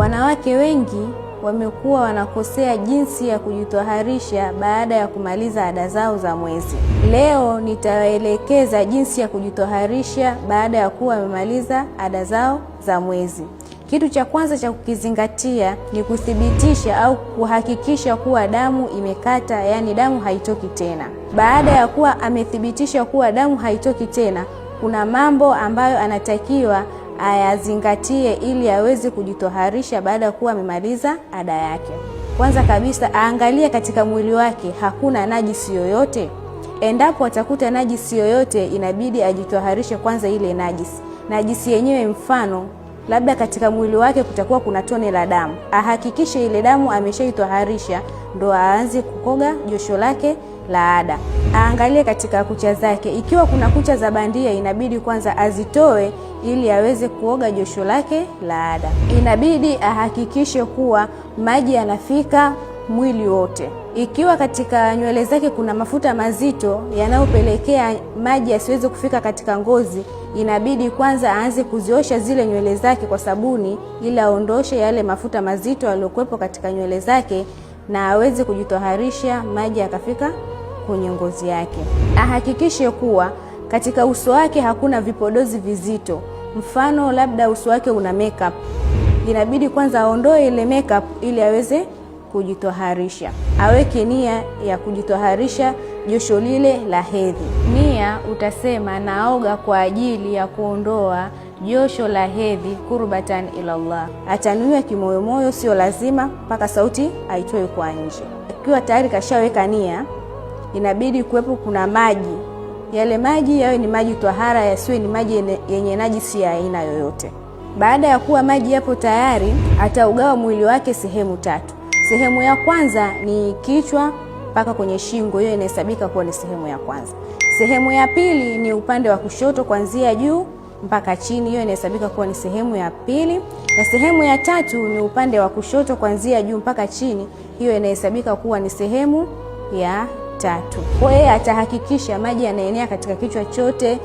Wanawake wengi wamekuwa wanakosea jinsi ya kujitoharisha baada ya kumaliza ada zao za mwezi. Leo nitawaelekeza jinsi ya kujitoharisha baada ya kuwa wamemaliza ada zao za mwezi. Kitu cha kwanza cha kukizingatia ni kuthibitisha au kuhakikisha kuwa damu imekata, yaani damu haitoki tena. Baada ya kuwa amethibitisha kuwa damu haitoki tena, kuna mambo ambayo anatakiwa ayazingatie ili aweze kujitoharisha baada ya kuwa amemaliza ada yake. Kwanza kabisa aangalie katika mwili wake hakuna najisi yoyote. Endapo atakuta najisi yoyote, inabidi ajitoharishe kwanza ile najisi. Najisi yenyewe mfano labda katika mwili wake kutakuwa kuna tone la damu, ahakikishe ile damu ameshaitoharisha, ndo aanze kukoga josho lake la ada. Aangalie katika kucha zake, ikiwa kuna kucha za bandia inabidi kwanza azitoe ili aweze kuoga josho lake la ada. Inabidi ahakikishe kuwa maji yanafika mwili wote. Ikiwa katika nywele zake kuna mafuta mazito yanayopelekea maji yasiweze kufika katika ngozi, inabidi kwanza aanze kuziosha zile nywele zake kwa sabuni ili aondoshe yale mafuta mazito yaliyokuwepo katika nywele zake na aweze kujitoharisha maji yakafika kwenye ngozi yake. Ahakikishe kuwa katika uso wake hakuna vipodozi vizito, mfano labda uso wake una makeup, inabidi kwanza aondoe ile makeup ili aweze kujitoharisha. Aweke nia ya kujitoharisha josho lile la hedhi. Nia utasema naoga kwa ajili ya kuondoa josho la hedhi kurbatan ilallah. Atanuia kimoyomoyo, sio lazima mpaka sauti aitoe kwa nje. Akiwa tayari kashaweka nia inabidi kuwepo kuna maji. Yale maji yawe ni maji twahara, yasiwe ni maji yenye najisi ya aina yoyote. Baada ya kuwa maji yapo tayari, ataugawa mwili wake sehemu tatu. Sehemu ya kwanza ni kichwa mpaka kwenye shingo, hiyo inahesabika kuwa ni sehemu ya kwanza. Sehemu ya pili ni upande wa kushoto kuanzia juu mpaka chini, hiyo inahesabika kuwa ni sehemu ya pili. Na sehemu ya tatu ni upande wa kushoto kuanzia juu mpaka chini, hiyo inahesabika kuwa ni sehemu ya tatu. Kwa hiyo atahakikisha maji yanaenea katika kichwa chote,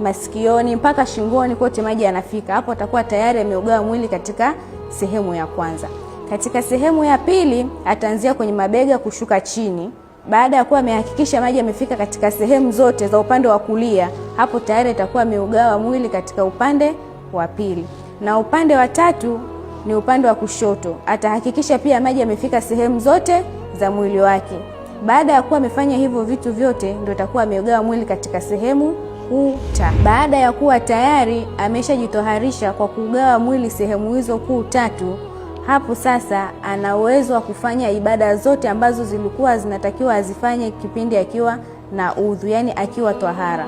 masikioni mpaka shingoni, kote maji yanafika. Hapo atakuwa tayari ameugawa mwili katika sehemu ya kwanza. Katika sehemu ya pili ataanzia kwenye mabega kushuka chini. Baada ya kuwa amehakikisha maji yamefika katika sehemu zote za upande wa kulia, hapo tayari atakuwa ameugawa mwili katika upande wa pili. Na upande wa tatu ni upande wa kushoto, atahakikisha pia maji yamefika sehemu zote za mwili wake. Baada ya kuwa amefanya hivyo vitu vyote, ndio itakuwa ameugawa mwili katika sehemu kuta. Baada ya kuwa tayari ameshajitoharisha kwa kugawa mwili sehemu hizo kuu tatu, hapo sasa ana uwezo wa kufanya ibada zote ambazo zilikuwa zinatakiwa azifanye kipindi akiwa na udhu, yaani akiwa twahara.